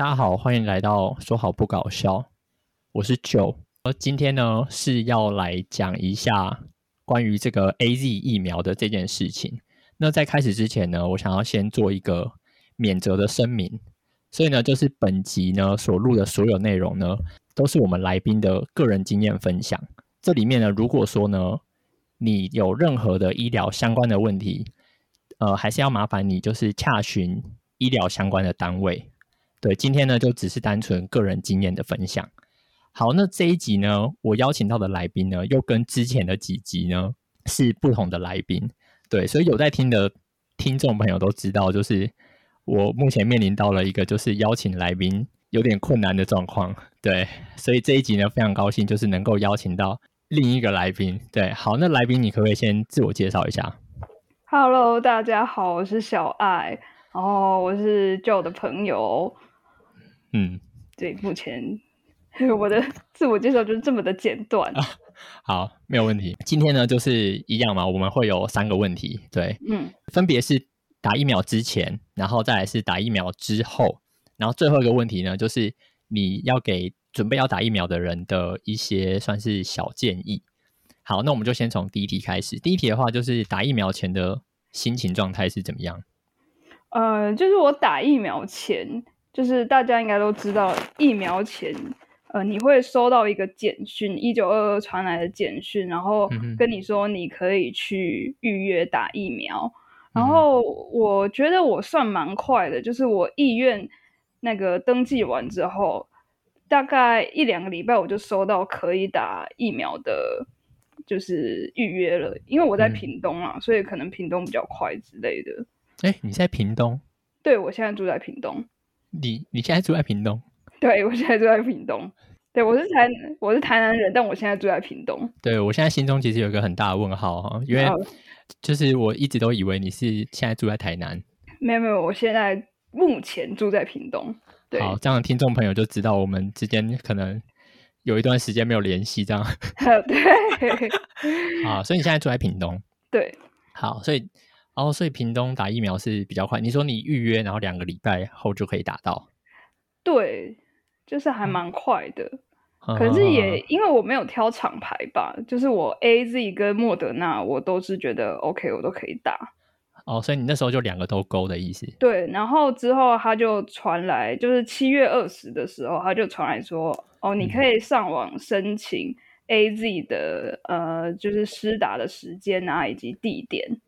大家好，歡迎來到《說好不搞笑》，我是九，而今天呢是要來講一下關於這個 AZ 疫苗的這件事情。那在開始之前呢，我想要先做一個免責的聲明，所以呢，就是本集呢所錄的所有內容呢，都是我們來賓的個人經驗分享。這裡面呢，如果說呢你有任何的醫療相關的問題，呃，還是要麻煩你就是洽詢醫療相關的單位。對，今天呢就只是單純個人經驗的分享。好，那這一集呢，我邀請到的來賓呢，又跟之前的幾集呢是不同的來賓。對，所以有在聽的聽眾朋友都知道，就是我目前面臨到了一個就是邀請來賓有點困難的狀況。對，所以這一集呢非常高興，就是能夠邀請到另一個來賓。對，好，那來賓你可不可以先自我介紹一下？Hello，大家好，我是小艾，然後我是 Joe 的朋友。嗯，對，目前我的自我介紹就是這麼的簡短啊。好，沒有問題。今天呢，就是一樣嘛，我們會有三個問題。對，嗯，分別是打疫苗之前，然後再來是打疫苗之後，然後最後一個問題呢，就是你要給準備要打疫苗的人的一些算是小建議。好，那我們就先從第一題開始。第一題的話，就是打疫苗前的心情狀態是怎麼樣？呃，就是我打疫苗前。就是大家應該都知道，疫苗前，呃，你會收到一個簡訊，一九二二傳來的簡訊，然後跟你說你可以去預約打疫苗。嗯、然後我覺得我算蠻快的，就是我醫院那個登記完之後，大概一兩個禮拜我就收到可以打疫苗的，就是預約了。因為我在屏東啊，嗯、所以可能屏東比較快之類的。哎、欸，你在屏東？對，我現在住在屏東。你你現在住在屏東？對，我現在住在屏東。對我是台，我是台南人，但我現在住在屏東。對我現在心中其實有一個很大的問號啊，因為好就是我一直都以為你是現在住在台南。沒有沒有，我現在目前住在屏東。對好，這樣聽眾朋友就知道我們之間可能有一段時間沒有聯繫，這樣。 對好，對。所以你現在住在屏東。對。好，所以。後、哦，所以屏東打疫苗是比較快。你說你預約，然後兩個禮拜後就可以打到。對，就是還蠻快的。嗯、可是也因為我沒有挑廠牌吧，嗯、就是我 A Z 跟莫德納，我都是覺得 OK，我都可以打。哦，所以你那時候就兩個都勾的意思。對，然後之後他就傳來，就是七月二十的時候，他就傳來說，哦，你可以上網申請 A Z 的、嗯、呃，就是施打的時間啊，以及地點。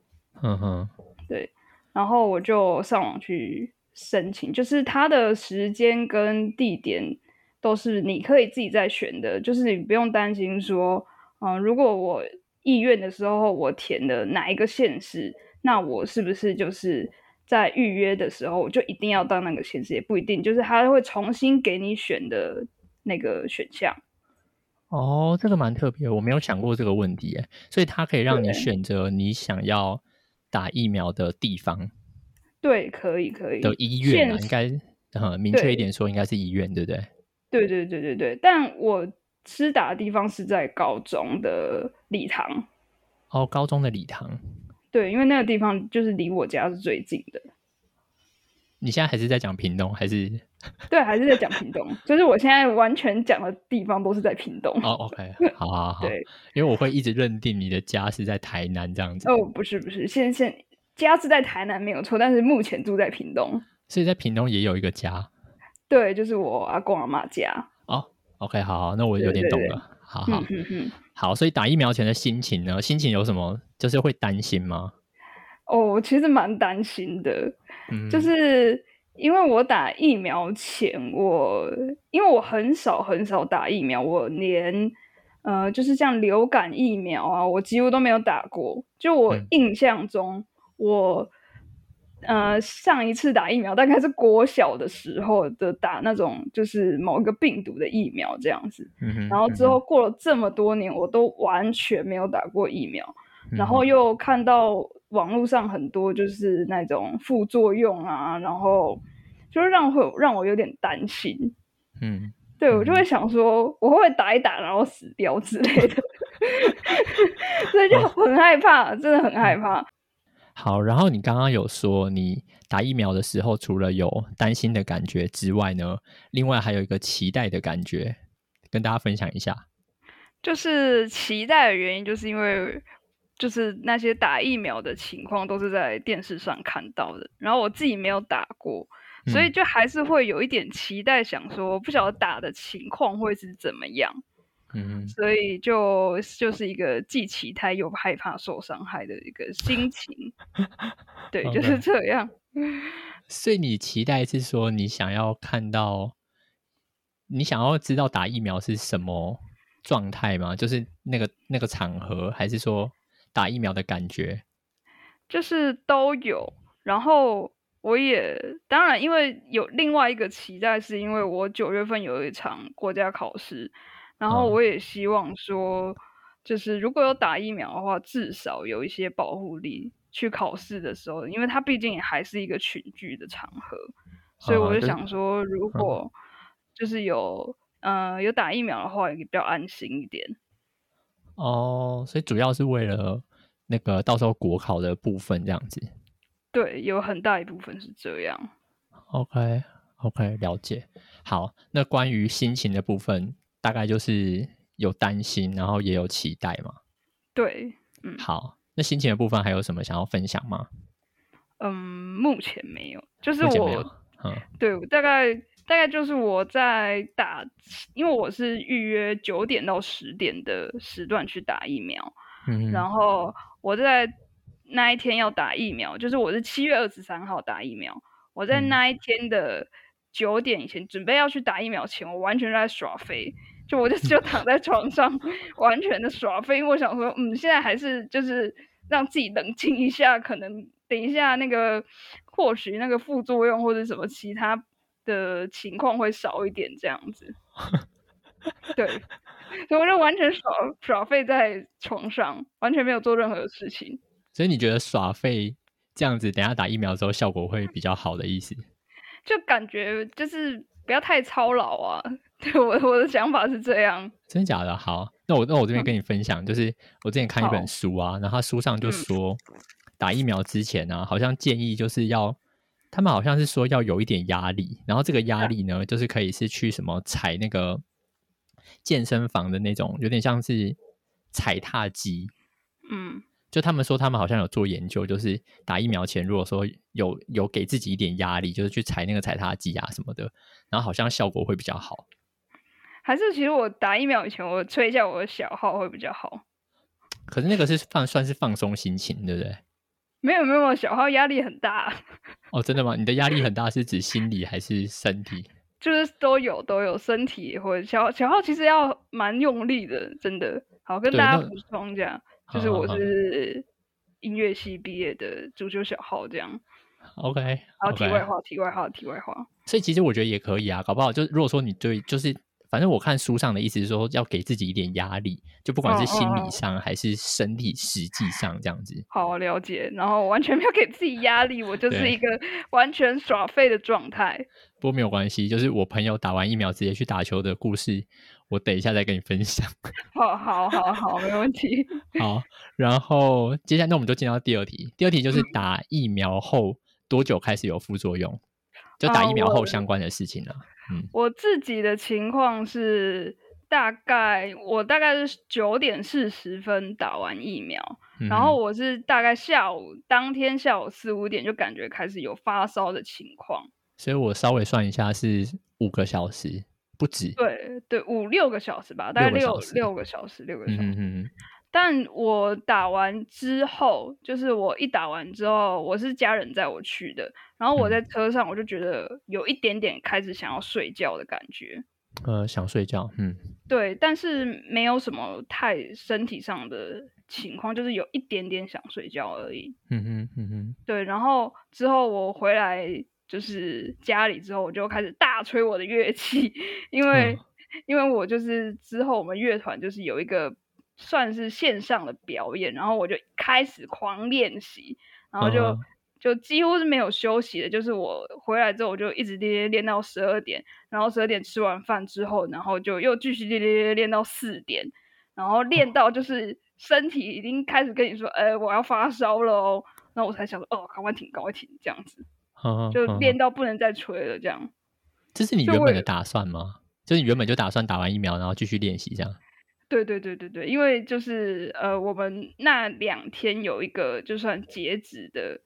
嗯哼，對，然後我就上網去申請，就是它的時間跟地點都是你可以自己在選的，就是你不用擔心說，呃，如果我意願的時候我填的哪一個縣市，那我是不是就是在預約的時候就一定要到那個縣市？也不一定，就是他會重新給你選的那個選項。哦，這個蠻特別，我沒有想過這個問題耶，所以他可以讓你選擇你想要打疫苗的地方，對，可以可以的醫院啊，實應該明確一點說，應該是醫院，對不對？對對對對對。對，但我施打的地方是在高中的禮堂，哦，高中的禮堂，對，因為那個地方就是離我家是最近的。你現在還是在講屏東，還是對，還是在講屏東？ 就是我現在完全講的地方都是在屏東。哦、oh,，OK，好好好。對因為我會一直認定你的家是在台南這樣子。哦，不是不是，現在，現在家是在台南沒有錯，但是目前住在屏東，所以在屏東也有一個家。對，就是我阿公阿媽家。哦、oh,，OK，好，好，那我有點懂了。對對對。好好，嗯嗯，好。所以打疫苗前的心情呢？心情有什麼？就是會擔心嗎？哦，oh, 其實蠻擔心的，嗯、就是因為我打疫苗前，我因為我很少很少打疫苗，我連呃，就是像流感疫苗啊，我幾乎都沒有打過。就我印象中，嗯、我呃上一次打疫苗大概是國小的時候的打那種，就是某一個病毒的疫苗這樣子。嗯哼嗯哼然後之後過了這麼多年，我都完全沒有打過疫苗，嗯、哼然後又看到。網絡上很多就是那種副作用啊，然後就是讓會讓我有點擔心，嗯，對，我就會想說、嗯、我會不會打一打然後死掉之類的， 所以就很害怕，哦、真的很害怕。好，然後你剛剛有說你打疫苗的時候，除了有擔心的感覺之外呢，另外還有一個期待的感覺，跟大家分享一下。就是期待的原因，就是因為。就是那些打疫苗的情況都是在電視上看到的，然後我自己沒有打過，嗯。所以就還是會有一點期待，想說不曉得打的情況會是怎麼樣。嗯，所以就就是一個既期待又害怕受傷害的一個心情。 對，就是這樣。Okay. 所以你期待是說你想要看到，你想要知道打疫苗是什麼狀態嗎？就是那個，那個場合，還是說？打疫苗的感覺，就是都有。然後我也當然，因為有另外一個期待，是因為我九月份有一場國家考試，然後我也希望說，就是如果有打疫苗的話，至少有一些保護力去考試的時候，因為它畢竟也還是一個群聚的場合，所以我就想說，如果就是有，呃，有打疫苗的話，也比較安心一點。哦，oh, 所以主要是為了那個到時候國考的部分這樣子。對，有很大一部分是這樣。OK，OK，okay, okay, 了解。好，那關於心情的部分，大概就是有擔心，然後也有期待嘛。對，嗯。好，那心情的部分還有什麼想要分享嗎？嗯，目前沒有，就是我，目前沒有，嗯，對，我大概。大概就是我在打，因為我是預約九點到十點的時段去打疫苗，嗯，然後我在那一天要打疫苗，就是我是七月二十三號打疫苗，我在那一天的九點以前，嗯，準備要去打疫苗前，我完全在耍飛，就我就就躺在床上 完全的耍飛，我想說，嗯，現在還是就是讓自己冷靜一下，可能等一下那個或許那個副作用或者什麼其他。的情況會少一點，這樣子， 對，所以我就完全耍耍廢在床上，完全沒有做任何的事情。所以你覺得耍廢這樣子，等下打疫苗之後效果會比較好的意思？就感覺就是不要太操勞啊，對，我我的想法是這樣。真假的？好，那我那我這邊跟你分享，嗯、就是我之前看一本書啊，好然後書上就說打疫苗之前啊，嗯、好像建議就是要。他們好像是說要有一點壓力，然後這個壓力呢，就是可以是去什麼踩那個健身房的那種，有點像是踩踏機。嗯，就他們說他們好像有做研究，就是打疫苗前如果說有有給自己一點壓力，就是去踩那個踩踏機啊什麼的，然後好像效果會比較好。還是其實我打疫苗以前，我吹一下我的小號會比較好。可是那個是放算，算是放鬆心情，對不對？沒有沒有，小號壓力很大。哦，真的嗎？你的壓力很大是指心理還是身體？ 就是都有都有，身體或小小號其實要蠻用力的，真的。好，跟大家補充一下，就是我是音樂系畢業的主修小號，這樣。OK。好，好，好，題外話，題外話，題外話。所以其實我覺得也可以啊，搞不好就是如果說你對就是。反正我看書上的意思是說，要給自己一點壓力，就不管是心理上還是身體實際上這樣子好，哦好。好了解，然後我完全沒有給自己壓力，我就是一個完全耍廢的狀態。不過沒有關係，就是我朋友打完疫苗直接去打球的故事，我等一下再跟你分享。好好好好，沒問題。 好，然後接下來那我們就進到第二題，第二題就是打疫苗後多久開始有副作用？就打疫苗後相關的事情了，啊啊我自己的情況是，大概我大概是九點四十分打完疫苗，嗯、哼然後我是大概下午當天下午四五點就感覺開始有發燒的情況，所以我稍微算一下是五個小時，不止。對對，五六個小時吧，大概六六個小時，六個小時。但我打完之後，就是我一打完之後，我是家人載我去的。然後我在車上，我就覺得有一點點開始想要睡覺的感覺，呃，想睡覺，嗯，對，但是沒有什麼太身體上的情況，就是有一點點想睡覺而已。嗯嗯。嗯對。然後之後我回來就是家裡之後，我就開始大吹我的樂器，因為、嗯、因為我就是之後我們樂團就是有一個。算是線上的表演，然後我就開始狂練習，然後就，oh. 就幾乎是沒有休息的，就是我回來之後我就一直連連練練練到十二點，然後十二點吃完飯之後，然後就又繼續練練練練到四點，然後練到就是身體已經開始跟你說，哎，oh. 欸，我要發燒了哦，然後我才想說，哦，考官挺高興這樣子，oh. 就練到不能再吹了這樣。這是你原本的打算嗎？就，eu teaches, 就是你原本就打算打完疫苗然後繼續練習這樣？對對對對對，因為就是呃，我們那兩天有一個就算截止的，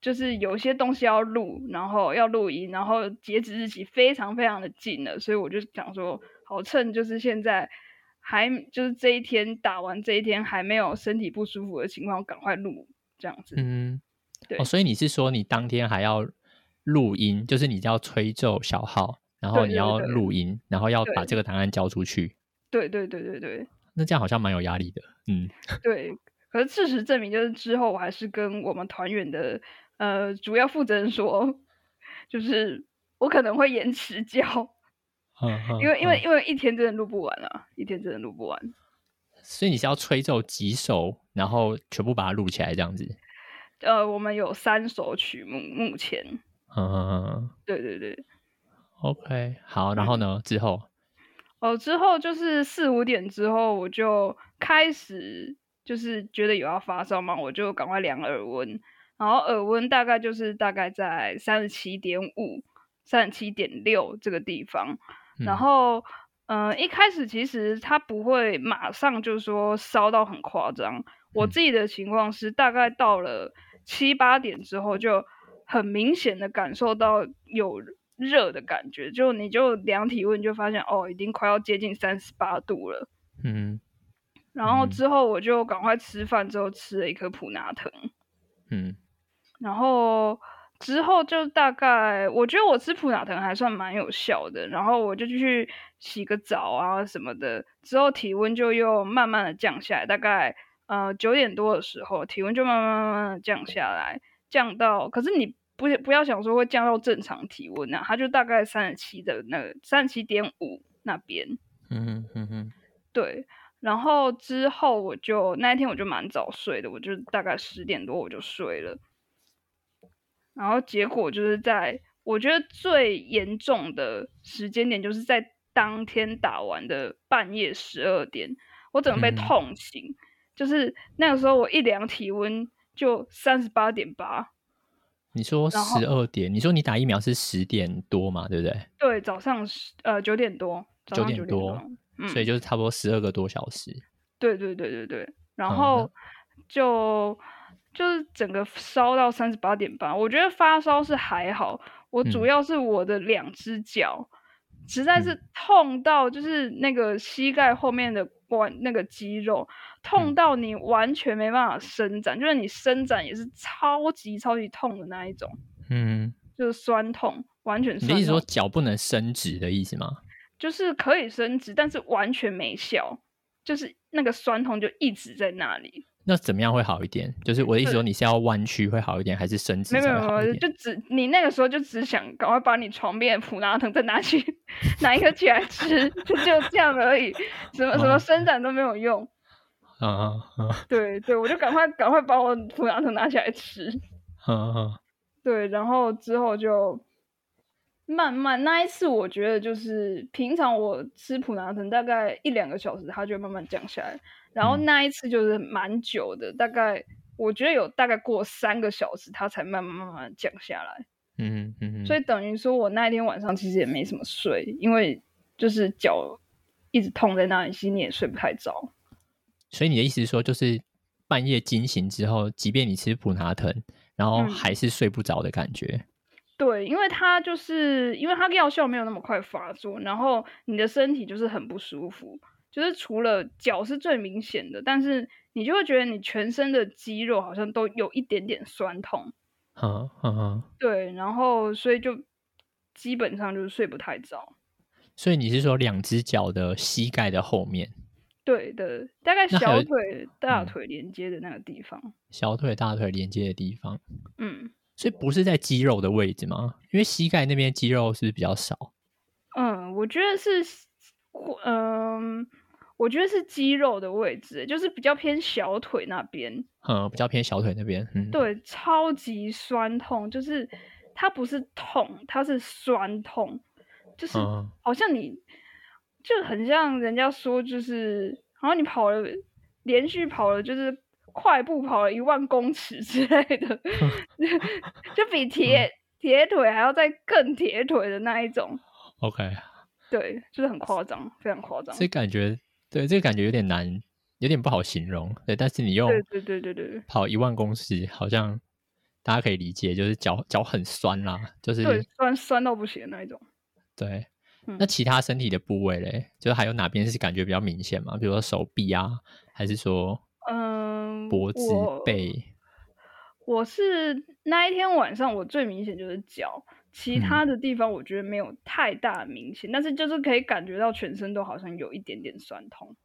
就是有些東西要錄，然後要錄音，然後截止日期非常非常的近了，所以我就想說，好，趁就是現在還就是這一天打完這一天還沒有身體不舒服的情況，趕快錄這樣子。嗯，對哦，所以你是說你當天還要錄音，就是你要吹奏小號，然後你要錄音，對對對，然後要把這個檔案交出去。對對對對對，那這樣好像蠻有壓力的，嗯，對。可是事實證明，就是之後我還是跟我們團員的呃主要負責人說，就是我可能會延遲交嗯，嗯，因為因為、嗯、因為一天真的錄不完了，啊，一天真的錄不完。所以你是要吹奏幾首，然後全部把它錄起來這樣子？呃，我們有三首曲目目前。嗯嗯嗯，嗯對對對。OK，好，然後呢對之後？哦，之後就是四五點之後，我就開始就是覺得有要發燒嘛，我就趕快量耳溫，然後耳溫大概就是大概在三十七點五、三十七點六這個地方。然後，嗯、呃，一開始其實它不會馬上就說燒到很誇張。我自己的情況是，大概到了七八點之後，就很明顯的感受到有。熱的感覺，就你就量體溫就發現哦，已經快要接近三十八度了。嗯，然後之後我就趕快吃飯，之後吃了一顆普拿疼。嗯，然後之後就大概，我覺得我吃普拿疼還算蠻有效的。然後我就去洗個澡啊什麼的，之後體溫就又慢慢的降下來。大概呃九點多的時候，體溫就慢慢慢慢的降下來，降到，可是你。不不要想說會降到正常體溫啊。它就大概三十七的那個三十七點五那邊。嗯嗯嗯對。然後之後我就那一天我就蠻早睡的，我就大概十點多我就睡了。然後結果就是在我覺得最嚴重的時間點，就是在當天打完的半夜十二點，我整個被痛醒。嗯、就是那個時候我一量體溫就三十八點八。你說十二點，後你說你打疫苗是十點多嘛，對不對？對，早上十呃九點多，九點多，點多嗯、所以就是差不多十二個多小時。對對對對對，然後就、嗯、就是整個燒到三十八點半。我覺得發燒是還好，我主要是我的兩隻腳。嗯實在是痛到就是那個膝蓋後面的關那個肌肉痛到你完全沒辦法伸展，嗯、就是你伸展也是超級超級痛的那一種，嗯，就是痠痛完全痠痛。你是說腳不能伸直的意思嗎？就是可以伸直，但是完全沒效，就是那個痠痛就一直在那裡。那怎麼樣會好一點？就是我的意思說，你是要彎曲會好一點，對還是伸直會好一點？沒有，沒有，就只你那個時候就只想趕快把你床邊的普拿疼再拿去 拿一個起來吃， 就這樣的而已，什麼、哦、什麼伸展都沒有用。啊啊、哦哦、對對，我就趕快趕快把我普拿疼拿起來吃。啊、哦哦、對，然後之後就慢慢那一次，我覺得就是平常我吃普拿疼大概一兩個小時，它就慢慢降下來。然後那一次就是蠻久的，嗯、大概我覺得有大概過三個小時，它才慢慢慢慢降下來。嗯嗯嗯。嗯，所以等於說我那一天晚上其實也沒什麼睡，因為就是腳一直痛在那裡，心裡也睡不太着。所以你的意思說，就是半夜驚醒之後，即便你吃普拿疼，然後還是睡不着的感覺？嗯、對，因為它就是因為它藥效沒有那麼快發作，然後你的身體就是很不舒服。就是除了腳是最明顯的，但是你就會覺得你全身的肌肉好像都有一點點痠痛。嗯啊啊！啊對，然後所以就基本上就是睡不太着。所以你是說兩隻腳的膝蓋的後面？對的，大概小腿、大腿連接的那個地方。嗯、小腿、大腿連接的地方。嗯。所以不是在肌肉的位置嗎？因為膝蓋那邊肌肉是，是比較少。嗯，我覺得是，嗯。呃我覺得是肌肉的位置，就是比較偏小腿那邊，嗯，比較偏小腿那邊。嗯、對，超級酸痛，就是它不是痛，它是酸痛，就是好像你、嗯、就很像人家說，就是好像你跑了連續跑了，就是快步跑了一萬公尺之類的，嗯、 就比鐵鐵腿還要再更鐵腿的那一種。OK，對，就是很誇張，啊、非常誇張，所以感覺。對，這個感覺有點難，有點不好形容。對，但是你用對對對對對跑一萬公里，好像大家可以理解，就是腳腳很酸啦，就是對酸酸到不行那一種。對，嗯、那其他身體的部位嘞？就是還有哪邊是感覺比較明顯嗎？比如說手臂啊，還是說嗯脖子、呃、背？我是那一天晚上，我最明顯就是腳。其他的地方我覺得沒有太大的明顯，嗯、但是就是可以感覺到全身都好像有一點點酸痛。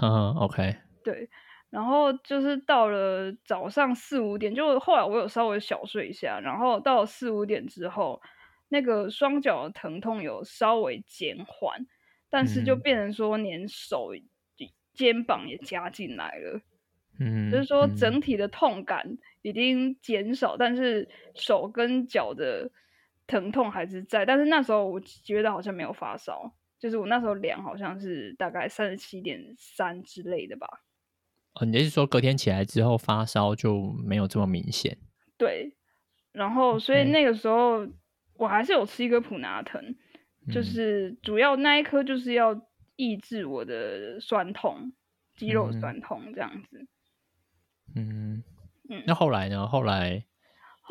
嗯，OK，對。然後就是到了早上四五點，就後來我有稍微小睡一下，然後到了四五點之後，那個雙腳的疼痛有稍微減緩，但是就變成說連手、肩膀也加進來了。嗯，就是說整體的痛感已經減少，嗯、但是手跟腳的。疼痛還是在，但是那時候我覺得好像沒有發燒，就是我那時候量好像是大概三十七點三之類的吧。哦、啊，你是說隔天起來之後發燒就沒有這麼明顯？對。然後，所以那個時候我還是有吃一個普拿疼，嗯、就是主要那一顆就是要抑制我的酸痛，肌肉酸痛這樣子。嗯，嗯，那後來呢？後來，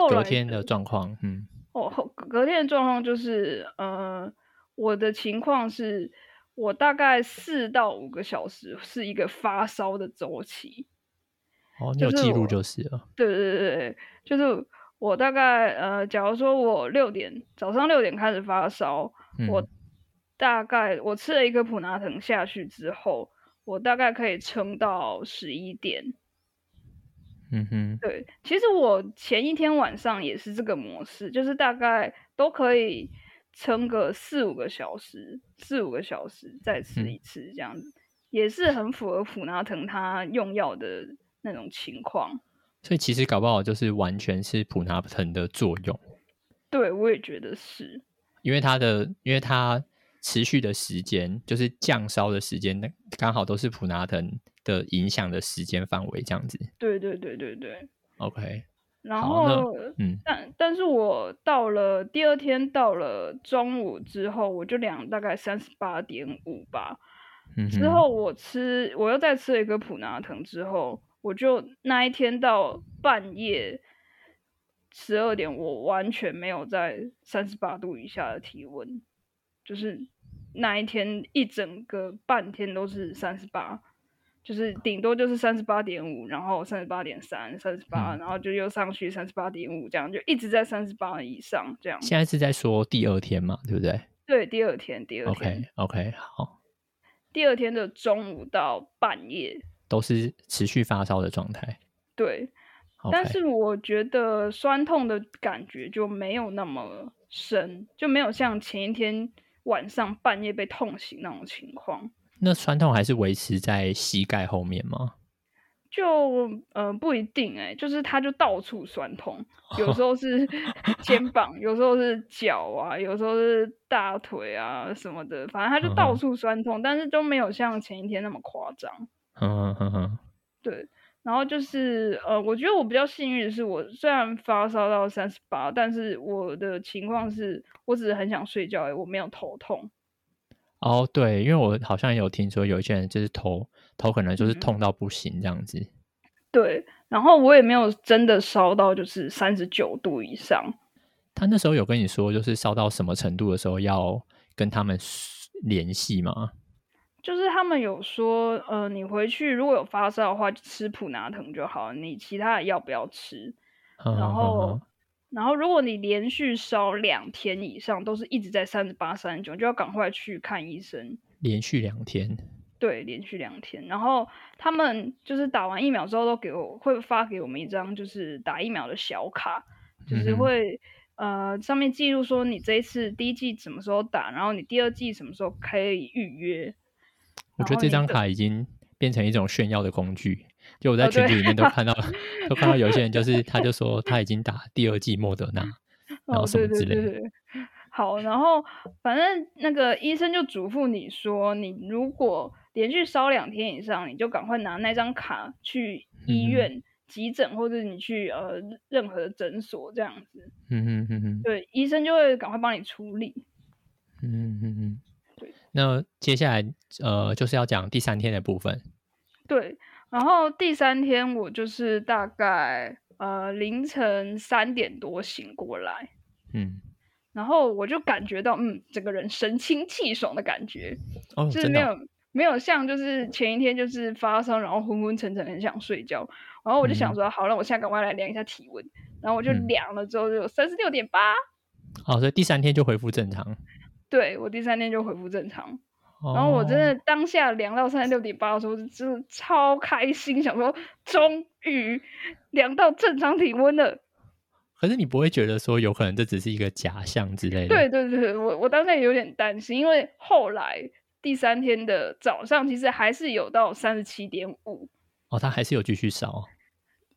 隔天的狀況，嗯。哦，隔隔天的狀況就是，呃，我的情況是，我大概四到五個小時是一個發燒的周期。哦，你有記錄就是了。就是對對對，就是我大概，呃，假如說我六點早上六點開始發燒，嗯、我大概我吃了一個普拿疼下去之後，我大概可以撐到十一點。嗯哼，對，其實我前一天晚上也是這個模式，就是大概都可以撐個四五個小時，四五個小時再吃一次，這樣子、嗯、也是很符合普拿疼他用藥的那種情況。所以其實搞不好就是完全是普拿疼的作用。對，我也覺得是。因為它的，因為它持續的時間，就是降燒的時間，那剛好都是普拿疼的影響的時間範圍這樣子。對對對對對。OK。然後，嗯，但但是我到了第二天到了中午之後，我就量大概三十八點五吧。嗯、哼之後我吃，我又再吃了一個普拿疼之後，我就那一天到半夜十二點，我完全沒有在三十八度以下的體溫，就是那一天一整個半天都是三十八。就是頂多就是三十八點五，然後三十八點三、三十八，然後就又上去三十八點五，這樣就一直在三十八以上這樣。現在是在說第二天嘛，對不對？對，第二天，第二天。OK OK，好。第二天的中午到半夜都是持續發燒的狀態。對，Okay 但是我覺得酸痛的感覺就沒有那麼深，就沒有像前一天晚上半夜被痛醒那種情況。那酸痛還是維持在膝蓋後面嗎？就嗯、呃，不一定哎、欸，就是它就到處酸痛，oh. 有時候是肩膀， 有時候是腳啊，有時候是大腿啊什麼的，反正它就到處酸痛，uh huh. 但是都沒有像前一天那麼誇張。嗯哼哼哼，huh. 對，然後就是呃，我覺得我比較幸運的是，我雖然發燒到三十八，但是我的情況是我只是很想睡覺、欸，哎，我沒有頭痛。哦，oh, 對，因為我好像也有聽說有一些人就是頭頭可能就是痛到不行這樣子，嗯。對，然後我也沒有真的燒到就是三十九度以上。他那時候有跟你說，就是燒到什麼程度的時候要跟他們聯繫嗎？就是他們有說，呃，你回去如果有發燒的話，吃普拿疼就好，你其他的要不要吃？嗯、然後。嗯嗯然後，如果你連續燒兩天以上，都是一直在三十八、三十九，就要趕快去看醫生。連續兩天，對，連續兩天。然後他們就是打完疫苗之後，都給我會發給我們一張，就是打疫苗的小卡，就是會、嗯、哼呃上面記錄說你這一次第一劑什麼時候打，然後你第二劑什麼時候可以預約。我覺得這張卡已經變成一種炫耀的工具。就我在群裡裡面都看到，oh, 啊、都看到有些人就是，他就說他已經打第二劑莫德納，oh, 然後什麼之類的。對對對，好，然後反正那個醫生就囑咐你說，你如果連續燒兩天以上，你就趕快拿那張卡去醫院急診，嗯、哼或者你去呃任何的診所這樣子。嗯嗯嗯嗯。對，醫生就會趕快幫你處理。嗯嗯嗯嗯。對，那接下來呃就是要講第三天的部分。對。然後第三天我就是大概呃凌晨三點多醒過來，嗯，然後我就感覺到嗯整個人神清氣爽的感覺，哦、就是沒有、哦、沒有像就是前一天就是發燒然後昏昏沉沉很想睡覺，然後我就想說、嗯、好，那我現在趕快來量一下體溫，然後我就量了之後就有三十六點八，哦、嗯，所以第三天就恢復正常，對我第三天就恢復正常。然後我真的當下量到三十六點八的時候，真的超開心，想說終於量到正常體溫了。可是你不會覺得說有可能這只是一個假象之類的？對對對，我我當時也有點擔心，因為後來第三天的早上，其實還是有到三十七點五。哦，它還是有繼續少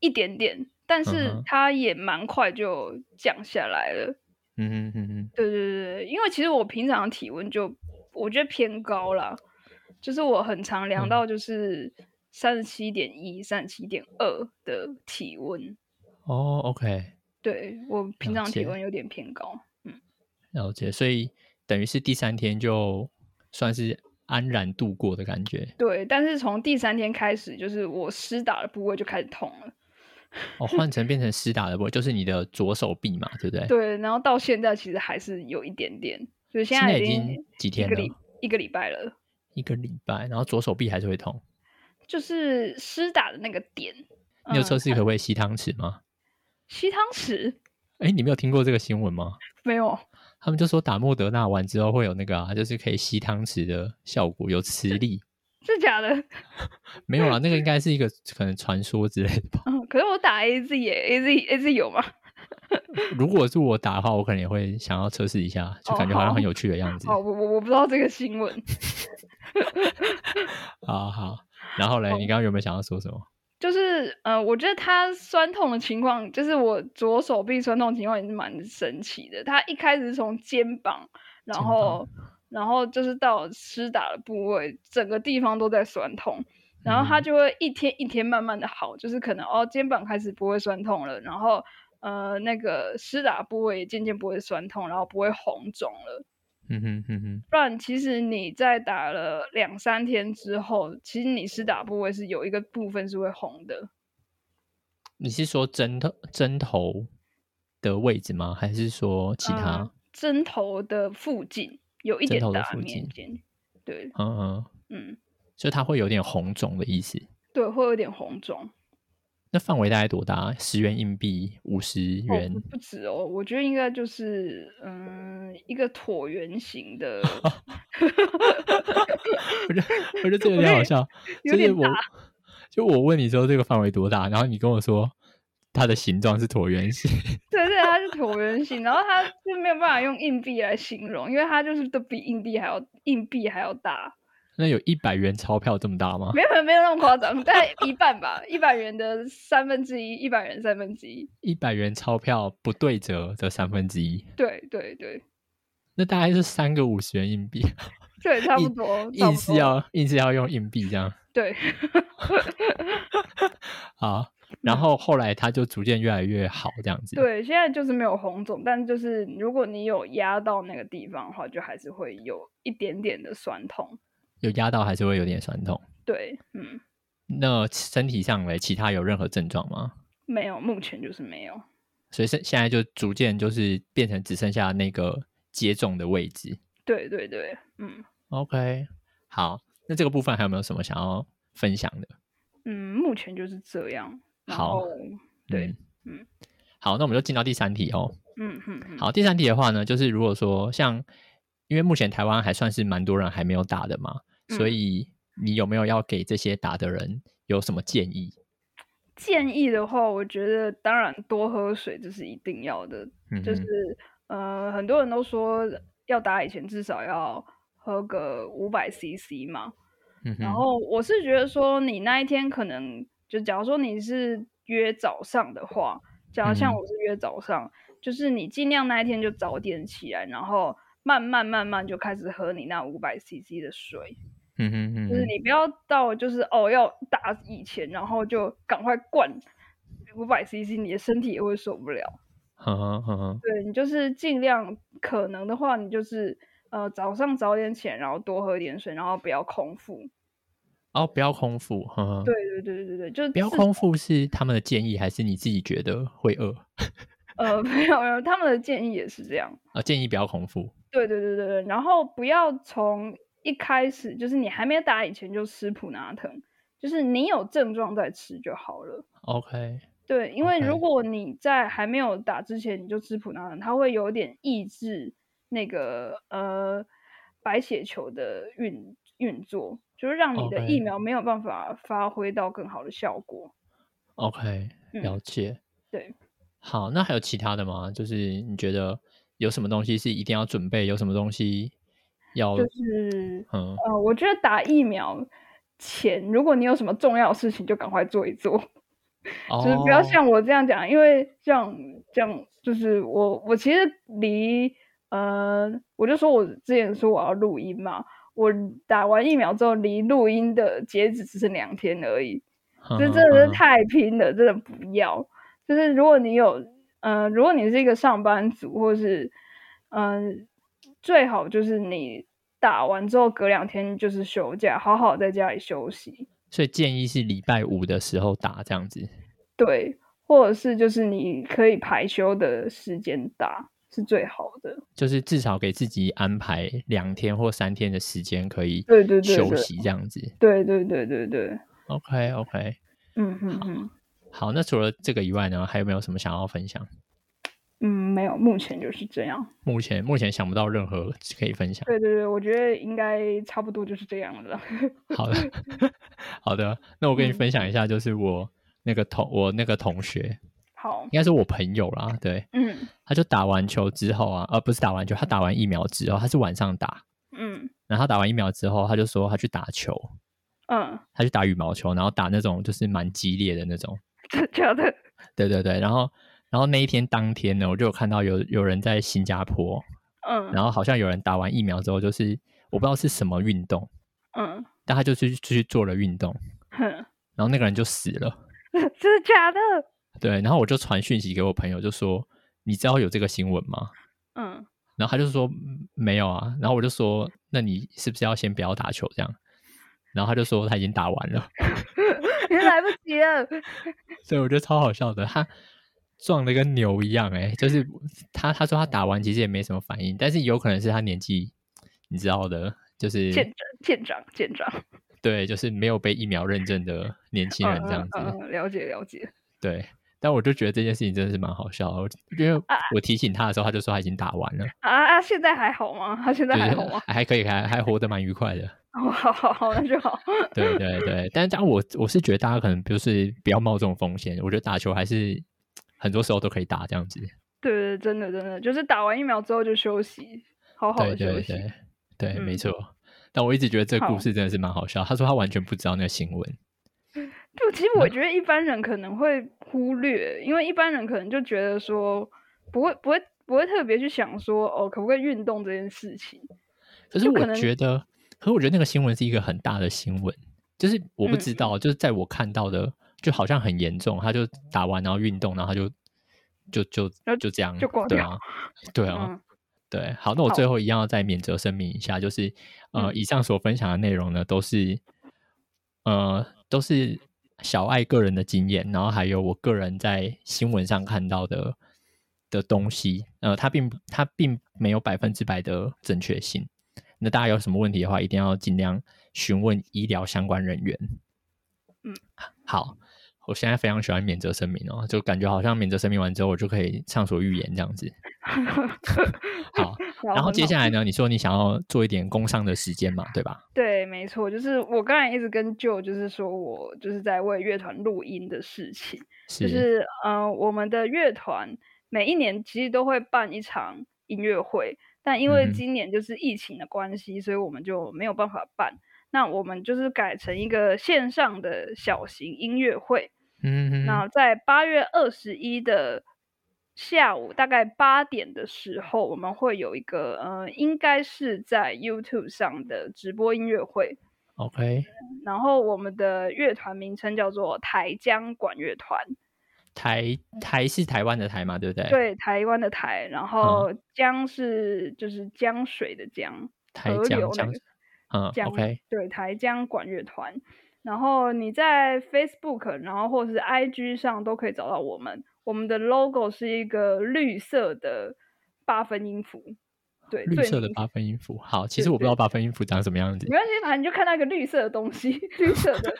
一點點，但是它也蠻快就降下來了。嗯嗯嗯嗯，對對對，因為其實我平常的體溫就。我覺得偏高啦，就是我很常量到就是三十七點一、三十七點二的體溫。哦，OK，對，我平常體溫有點偏高，嗯，了解。所以等於是第三天就算是安然度過的感覺。對，但是從第三天開始，就是我施打的部位就開始痛了。 哦，換成變成施打的部位，就是你的左手臂嘛，對不對？對，然後到現在其實還是有一點點。現在已經幾天了，一個，一個禮拜了，一個禮拜。然後左手臂還是會痛，就是施打的那個點。嗯、你有測試可，不可以吸湯匙嗎、嗯？吸湯匙？誒你沒有聽過這個新聞嗎？沒有。他們就說打莫德納完之後會有那個、啊，就是可以吸湯匙的效果，有磁力。是、是假的？ 沒有啦、啊，那個應該是一個可能傳說之類的吧。嗯、可是我打 A Z 耶，A Z，A Z 有嗎？ 如果是我打的話，我可能也會想要測試一下，就感覺好像很有趣的樣子。哦、好,好，我我我不知道這個新聞。 好好，然後嘞，哦、你剛剛有沒有想要說什麼？就是嗯、呃，我覺得他酸痛的情況，就是我左手臂酸痛的情況也是蠻神奇的。他一開始是從肩膀，然後肩膀、然後就是到施打的部位，整個地方都在酸痛，然後他就會一天一天慢慢的好，嗯、就是可能哦，肩膀開始不會酸痛了，然後。呃，那個施打部位也漸漸不會酸痛，然後不會紅腫了。嗯哼哼哼，不然其實你在打了兩三天之後，其實你施打部位是有一個部分是會紅的。你是說針頭針頭的位置嗎？還是說其他？嗯、針頭的附近有一點大面的附近，對，嗯嗯嗯，所以它會有點紅腫的意思。對，會有點紅腫。那範圍大概多大？十元硬幣，五十元？哦，不止哦。我覺得應該就是，嗯，一個橢圓形的。 我覺得我覺得這有點好笑。Okay, 就是我有點大。就我問你說這個範圍多大，然後你跟我說它的形狀是橢圓形。對對，它是橢圓形， 然後它就沒有辦法用硬幣來形容，因為它就是都比硬幣還要硬幣還要大。那有一百元鈔票這麼大嗎？沒有，沒有那麼誇張， 大概一半吧，一百元的三分之一，一百元三分之一，一百元鈔票不對折的三分之一。對對對，對對，那大概是三個五十元硬幣，對，差不多。 硬、硬是要硬是要用硬幣這樣。對。啊， 然後後來它就逐漸越來越好，這樣子。對，現在就是沒有紅腫，但就是如果你有壓到那個地方的話，就還是會有一點點的痠痛。有壓到還是會有點酸痛。對，嗯。那身體上呢？其他有任何症狀嗎？沒有，目前就是沒有。所以現現在就逐漸就是變成只剩下那個接種的位置。對對對，嗯。OK，好，那這個部分還有沒有什麼想要分享的？嗯，目前就是這樣。好，對，對嗯。好，那我們就進到第三題哦。嗯嗯嗯。嗯嗯好，第三題的話呢，就是如果說像，因為目前台灣還算是蠻多人還沒有打的嘛。所以，你有沒有要給這些打的人有什麼建議？建議的話，我覺得當然多喝水，這是一定要的。嗯、哼就是呃，很多人都說要打以前至少要喝個五百 CC 嘛。嗯、哼然後我是覺得說，你那一天可能就假如說你是約早上的話，假如像我是約早上，嗯、哼就是你盡量那一天就早點起來，然後慢慢慢慢就開始喝你那五百 CC 的水。嗯哼嗯哼，就是你不要到就是哦要打以前，然後就趕快灌五百 CC，你的身體也會受不了。哈哈哈哈對，你就是盡量可能的話，你就是呃早上早點起，然後多喝點水，然後不要空腹。哦，對哦，不要空腹。哈。對對對對對，就是不要空腹是他們的建議，還是你自己覺得會餓？ 呃，沒有，他們的建議也是這樣。啊、哦，建議不要空腹。對對對對對，然後不要從。一開始就是你還沒有打以前就吃普拿疼，就是你有症狀再吃就好了。OK，對，因為 OK。如果你在還沒有打之前你就吃普拿疼，它會有點抑制那個呃白血球的運運作，就是讓你的疫苗沒有辦法發揮到更好的效果。OK，嗯，了解。對，好，那還有其他的嗎？就是你覺得有什麼東西是一定要準備，有什麼東西？就是，嗯、呃，我覺得打疫苗前，如果你有什麼重要的事情，就趕快做一做， 就是不要像我這樣講，哦、因為像這、這樣，就是我我其實離，嗯、呃，我就說我之前說我要錄音嘛，我打完疫苗之後離錄音的截止只剩兩天而已，就是、真的是太拼了，嗯嗯真的不要。就是如果你有，嗯、呃，如果你是一個上班族，或是，嗯、呃。最好就是你打完之後隔兩天就是休假，好好在家裡休息。所以建議是禮拜五的時候打這樣子。對，或者是就是你可以排休的時間打是最好的。就是至少給自己安排兩天或三天的時間可以對對，對，對休息這樣子。對，對對對對對。OK OK，嗯嗯嗯，好。那除了這個以外呢，還有沒有什麼想要分享？嗯，沒有，目前就是這樣。目前目前想不到任何可以分享。對對對，我覺得應該差不多就是這樣的。 好的，好的，那我跟你分享一下，就是我那個同、嗯、我那個同學，好，應該是我朋友啦。對，嗯，他就打完球之後啊，而、呃、不是打完球，他打完疫苗之後，他是晚上打。嗯，然後他打完疫苗之後，他就說他去打球。嗯，他去打羽毛球，然後打那種就是蠻激烈的那種。這樣的。對對對，然後。然後那一天當天呢，我就有看到有有人在新加坡，嗯，然後好像有人打完疫苗之後，就是我不知道是什麼運動，嗯，但他就去去做了運動，然後那個人就死了。真的假的？對，然後我就傳訊息給我朋友，就說你知道有這個新聞嗎？嗯，然後他就說沒有啊，然後我就說那你是不是要先不要打球這樣？然後他就說他已經打完了，已經 來不及了， 所以我覺得超好笑的哈。壯得跟牛一樣哎、欸，就是他他說他打完其實也沒什麼反應，但是有可能是他年紀，你知道的，就是見長見長。見長，對，就是沒有被疫苗認證的年輕人這樣子，了解，嗯嗯，了解。了解，對，但我就覺得這件事情真的是蠻好笑的，因為我提醒他的時候，他就說他已經打完了啊。啊，現在還好嗎？他、啊、現在還好嗎？還可以，還還活得蠻愉快的。哦，好，好，好，那就好。 對對對，但是我我是覺得大家可能就是不要冒這種風險，我覺得打球還是。很多時候都可以打這樣子，對，對對，真的真的，就是打完疫苗之後就休息，好好的休息，對，對，對，對嗯、沒錯。但我一直覺得這個故事真的是蠻好笑。好，他說他完全不知道那個新聞。就其實我覺得一般人可能會忽略，那因為一般人可能就覺得說不，不會不會不會特別去想說，哦，可不可以運動這件事情。可是我覺得，可，可是我覺得那個新聞是一個很大的新聞，就是我不知道，嗯、就是在我看到的。就好像很嚴重，他就打完，然後運動，然後他就就就就這樣，就過掉了。對啊，對啊，嗯、對，好，那我最後一樣要再免責聲明一下，就是好呃，以上所分享的內容呢，都是呃，都是小艾個人的經驗，然後還有我個人在新聞上看到的的東西，呃，它並它並沒有百分之百的正確性。那大家有什麼問題的話，一定要盡量詢問醫療相關人員。嗯，好。我現在非常喜歡免責聲明哦，就感覺好像免責聲明完之後，我就可以暢所欲言這樣子。 好，小 然後接下來呢？ 你說你想要做一點工商的時間嘛？對吧？對，沒錯，就是我剛才一直跟 Joe 就是說我就是在為樂團錄音的事情，是就是呃，我們的樂團每一年其實都會辦一場音樂會，但因為今年就是疫情的關係，嗯、所以我們就沒有辦法辦。那我們就是改成一個線上的小型音樂會。嗯，那在八月二十一的下午，大概八點的時候，我們會有一個，呃，應該是在 YouTube 上的直播音樂會。OK、嗯。然後我們的樂團名稱叫做台江管樂團。台台是台灣的台嘛，對不對？對，台灣的台。然後江是就是江水的江，河流、嗯、那江，台江，江。嗯，OK。對，台江管樂團。然後你在 Facebook，然後或是 IG 上都可以找到我們。我們的 logo 是一個綠色的八分音符，對，綠色的八分音符。好，其實我不知道八分音符長什麼樣子，沒關係，反正你就看到一個綠色的東西，綠色的，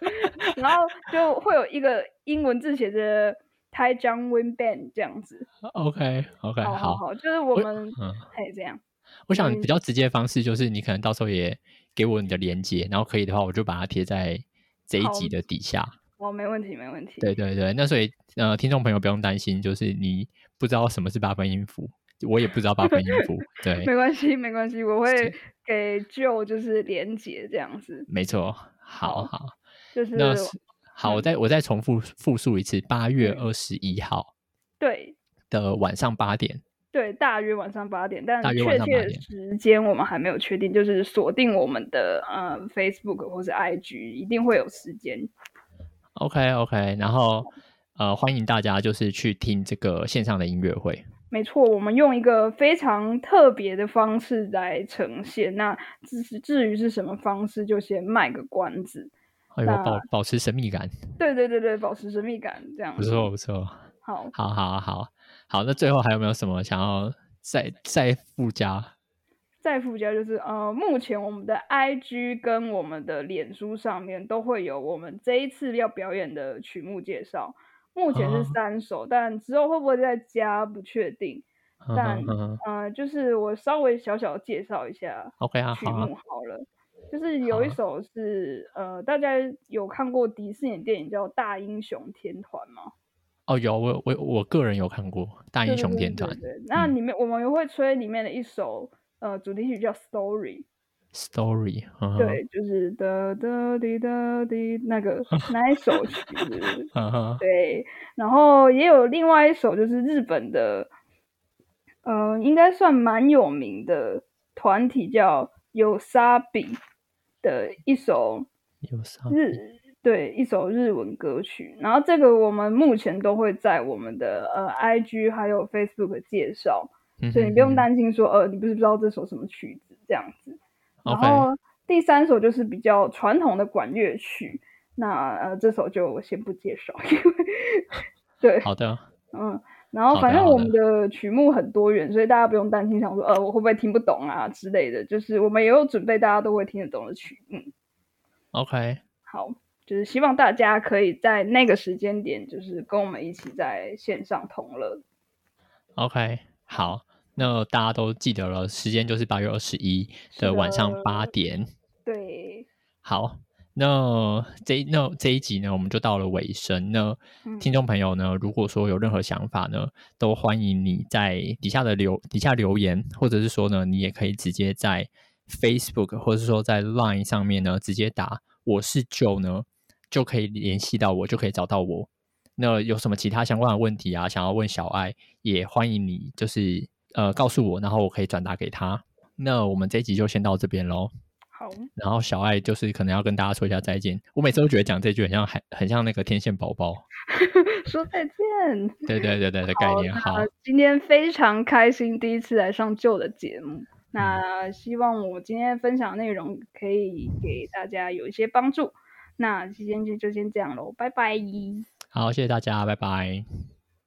然後就會有一個英文字寫着 Taijiang Wind Band 這樣子。OK，OK，好好好，就是我們可以這樣。我想比較直接的方式就是，你可能到時候也給我你的鏈接，然後可以的話，我就把它貼在。這一集的底下，我沒問題，沒問題。對對對，那所以呃，聽眾朋友不用擔心，就是你不知道什麼是八分音符，我也不知道八分音符， 對，沒關係，沒關係，我會給舊就是連結這樣子。對沒錯，好好，好，就是那好，我再我再重複複述一次，八月二十一號對的晚上八點。對，大約晚上八點，但確切的時間我們還沒有確定，就是鎖定我們的呃 Facebook 或是 IG，一定會有時間。OK OK，然後呃，歡迎大家就是去聽這個線上的音樂會。沒錯，我們用一個非常特別的方式來呈現。那至至於是什麼方式，就先賣個關子，哎呦，那，保保持神秘感。對對對對，保持神秘感，這樣子。不錯不錯。不錯好，好，好好。好，那最後還有沒有什麼想要再再附加？再附加就是呃，目前我們的 IG 跟我們的臉書上面都會有我們這一次要表演的曲目介紹。目前是三首，啊、但之後會不會再加不確定。啊啊啊啊但呃，就是我稍微小小介紹一下，OK 啊，曲目好了，Okay 啊好啊、就是有一首是、啊、呃，大家有看過迪士尼電影叫《大英雄天團》嗎？哦，有我我我個人有看過《大英雄天團》，對，對，對，嗯、那裡面我們會吹裡面的一首、呃、主題曲叫 story, story,、嗯《Story》，Story，對，就是噠噠滴噠滴那個那一首曲呵對，然後也有另外一首就是日本的，嗯、呃，應該算蠻有名的團體叫 YOASOBI 的一首 YOASOBI。嗯哼是對，一首日文歌曲，然後這個我們目前都會在我們的呃 IG 還有 Facebook 介紹，嗯嗯，所以你不用擔心說呃你不是不知道這首什麼曲子這樣子。然後 Okay. 第三首就是比較傳統的管樂曲，那呃這首就我先不介紹，因為 對好的嗯，然後反正我們的曲目很多元，好的好的，所以大家不用擔心，想說呃我會不會聽不懂啊之類的，就是我們也有準備大家都會聽得懂的曲目。嗯、OK，好。就是希望大家可以在那個時間點，就是跟我們一起在線上同樂。OK，好，那大家都記得了，時間就是八月二十一的晚上八點。對，好，那這那這一集呢，我們就到了尾聲。那、嗯、聽眾朋友呢，如果說有任何想法呢，都歡迎你在底下的留底下留言，或者是說呢，你也可以直接在 Facebook 或者是說在 Line 上面呢，直接打我是九呢。就可以聯繫到我，就可以找到我。那有什麼其他相關的問題啊？想要問小艾，也歡迎你，就是呃告訴我，然後我可以轉達給他。那我們這一集就先到這邊嘍。好，然後小艾就是可能要跟大家說一下再見。我每次都覺得講這句很像很很像那個天線寶寶， 說再見。對對對對的概念，好。好，今天非常開心，第一次來上舊的節目。那希望我今天分享的內容可以給大家有一些幫助。那今天就就先這樣嘍，拜拜。好，謝謝大家，拜拜。